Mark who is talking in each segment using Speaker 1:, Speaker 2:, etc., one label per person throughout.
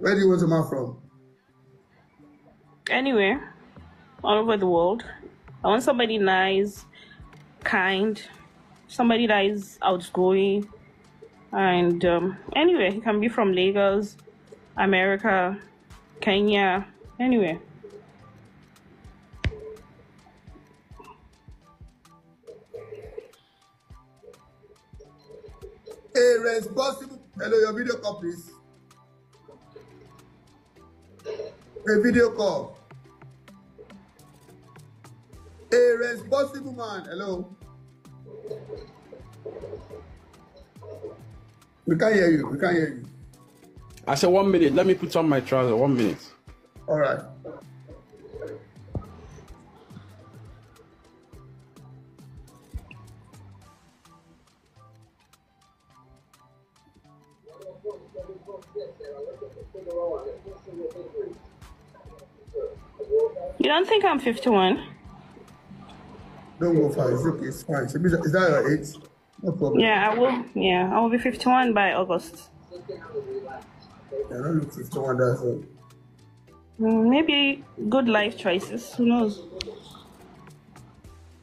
Speaker 1: Where do you want to map from?
Speaker 2: Anywhere, all over the world. I want somebody nice, kind, somebody that is outgoing, and um, anywhere. He can be from Lagos, America, Kenya, anywhere.
Speaker 1: A responsible. Hello, your video call, please. a video call. A responsible man. Hello. We can't hear you. We can't hear you. I said one minute. Let me put on my trousers. One minute. All right.
Speaker 2: You don't think I'm 51?
Speaker 1: Don't go far. It's okay. It's fine. So is that your age? No problem. Yeah, I
Speaker 2: will. Yeah, I will be 51 by August.
Speaker 1: I don't look 51. That's
Speaker 2: mm, Maybe good life choices. Who knows?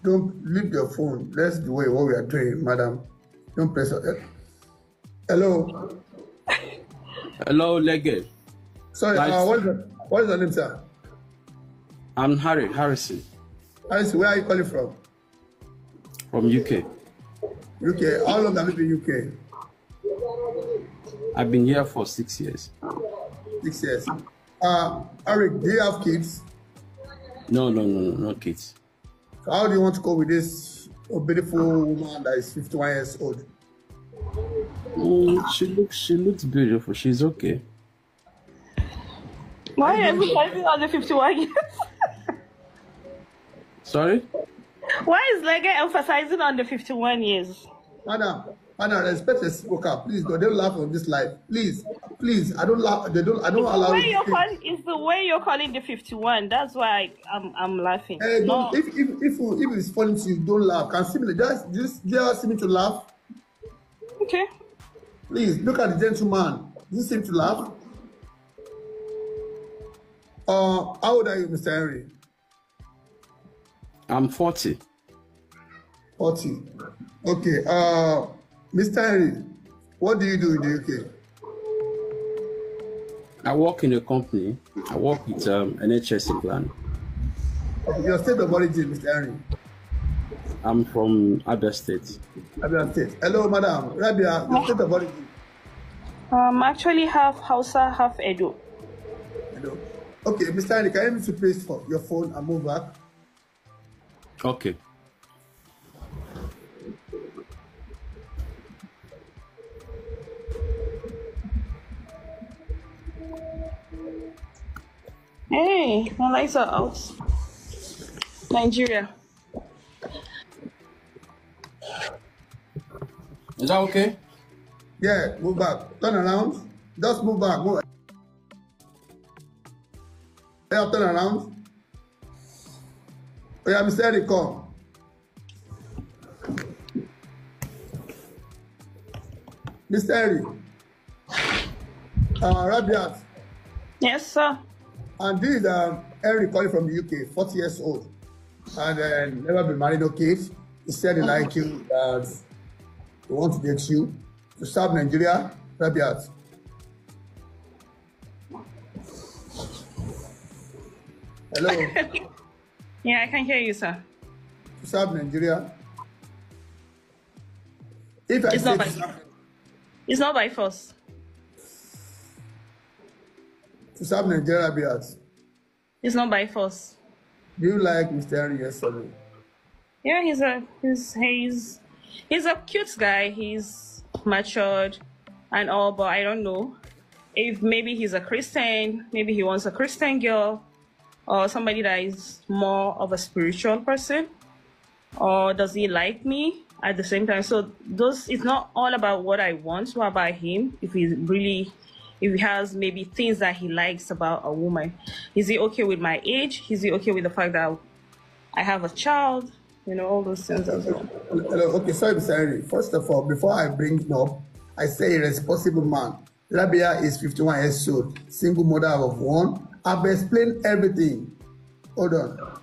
Speaker 1: Don't leave your phone. Let's do what we are doing, madam. Don't press it. Eh, hello. Hello, Legge. Sorry, uh, what, is the, what is name, sir? I'm Harry Harrison. Harrison, where are you calling from? From UK. UK. How long have you been UK? I've been here for six years. Six years. Uh, Eric, do you have kids? No, no, no, no, no kids. So how do you want to go with this beautiful woman that is 51 years old? Mm, she looks, she looks beautiful. She's okay. Why are time you are the 51 years? Sorry?
Speaker 2: Why is Lega emphasizing on the 51 years?
Speaker 1: Madam, Madam, respect the speaker. Please, don't, laugh on this live. Please, please. I don't laugh. They don't. I don't it's allow. The way you're calling,
Speaker 2: it's the way you're calling the 51. That's why I, I'm, I'm laughing. Uh, eh, no. If
Speaker 1: if if, if it's funny to you, don't laugh. Can simply just just just seem to laugh. Okay. Please look at the gentleman. Does he seem to laugh? Uh, how old are you, Mr. Henry? I'm 40. 40. Okay. Uh, Mr. Henry, what do you do in the UK? I work in a company. I work with um, NHS plan. Your state of origin, Mr. Henry? I'm from Abia State. Abia State. Hello, madam. Rabia, your state of origin?
Speaker 2: Um, actually half Hausa, half Edo.
Speaker 1: Edo. Okay, Mr. Henry, can I please for your phone and move back? Okay.
Speaker 2: Hey, my lights are out. Nigeria.
Speaker 1: Is that okay? Yeah, move back. Turn around. Just move back. Move. Yeah, turn around. Oya Mr. Eric come. Mr. Eric. Uh, Rabiat. Yes, sir. And this is uh, Eric calling from the UK, 40 years old, and uh, never been married or okay. He said he oh. like you, that he wants to date you to serve Nigeria. Rabiat. Hello.
Speaker 2: Yeah, I can hear you, sir.
Speaker 1: To serve Nigeria. If I it's, not by, serve, it's not by force. To serve Nigeria, be asked.
Speaker 2: It's not by force.
Speaker 1: Do you like Mr. Henry yesterday?
Speaker 2: Yeah, he's a he's he's he's a cute guy. He's matured and all, but I don't know if maybe he's a Christian. Maybe he wants a Christian girl or somebody that is more of a spiritual person or does he like me at the same time so those it's not all about what i want What about him if he's really if he has maybe things that he likes about a woman is he okay with my age is he okay with the fact that i have a child you know all those things as well
Speaker 1: okay sorry sorry. first of all before i bring it up i say a responsible man rabia is 51 years old single mother of one I've explained everything. Hold on.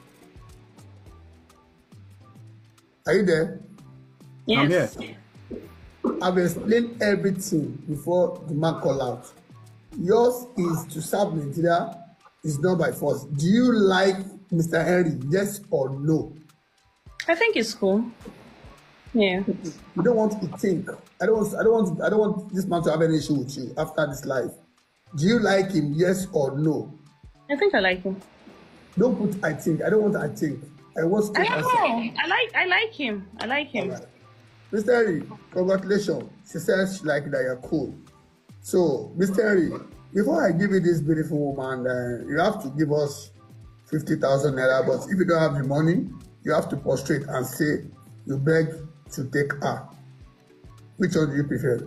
Speaker 1: Are you there? Yes. I'm here. I've explained everything before the man call out. Yours is to serve Nigeria is not by force. Do you like Mr. Henry? Yes or no?
Speaker 2: I think it's cool. Yeah.
Speaker 1: You don't want to think. I don't. I don't want. I don't want this man to have any issue with you after this life. Do you like him? Yes or no?
Speaker 2: I think I like him.
Speaker 1: Don't put I think. I don't want I think. I want straight I answer.
Speaker 2: I like I like him. I like him. Right.
Speaker 1: Mr. congratulations. She says she like that you're cool. So, Mr. before I give you this beautiful woman, uh, you have to give us 50,000 naira. But if you don't have the money, you have to prostrate and say you beg to take her. Which one do you prefer?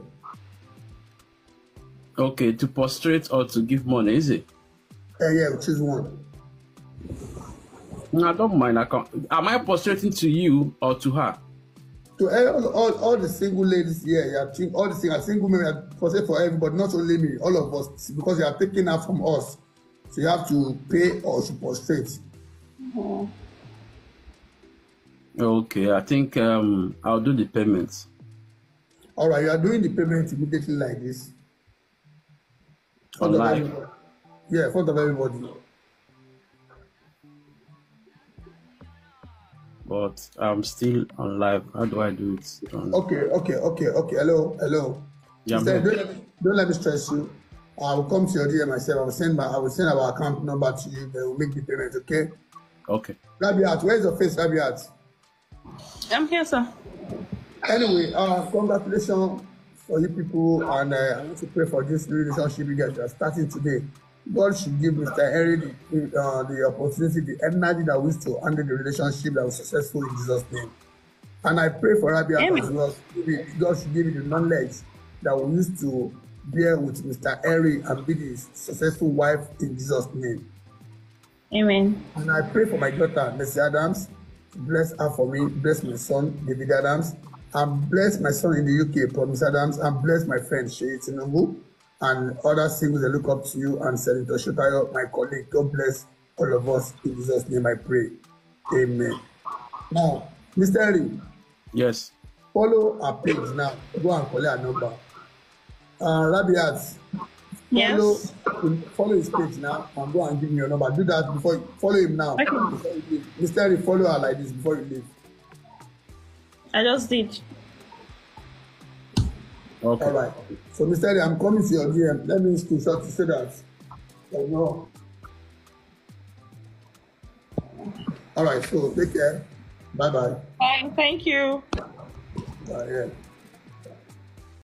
Speaker 1: Okay, to prostrate or to give money, is it? Uh, yeah, choose one. No, I don't mind. I can't. Am I prostrating to you or to her? To all, all, all the single ladies yeah, you are all the single, single men for say for everybody, not only me, all of us, because you are taking her from us. So you have to pay or to prostrate. Mm-hmm. Okay, I think um, I'll do the payments. All right, you are doing the payment immediately like this. Online. Otherwise, Yeah, in front of everybody. But I'm still on live. How do I do it? On... Um, okay, okay, okay, okay. Hello, hello. Yeah, Instead, don't, let me, don't let me stress you. I will come to your DM myself. I will send my I will send our account number to you. They will make the payment. Okay. Okay. Rabiat, where's your face, Rabiat? I'm here, sir. Anyway, uh, congratulations for you people, and uh, I want to pray for this new relationship you guys are starting today. God should give Mr. Henry the, uh, the opportunity, the energy that wishes to handle the relationship that was successful in Jesus' name. And I pray for Rabia as well. God should give you the knowledge that we used to bear with Mr. Henry and be the successful wife in Jesus' name. Amen. And I pray for my daughter, Mercy Adams. Bless her for me. Bless my son, David Adams. And bless my son in the UK, Promise Adams. And bless my friend, Shay Tinubu and other singles that look up to you and Senator Shotayo, my colleague. God bless all of us. In Jesus' name I pray. Amen. Now, Mr. Henry. Yes. Follow our page now. Go and collect our number. Uh, Rabiat, follow,
Speaker 2: yes.
Speaker 1: follow his page now and go and give me your number. Do that before you follow him now. Okay. Mr. Henry, follow her like this before you leave.
Speaker 2: I just did. Okay. All
Speaker 1: right. So, Mr. Eddie, I'm coming to your DM. Let me screenshot to say that. There's no. All right. So, take care. Bye bye.
Speaker 2: Thank you. Bye. Yeah.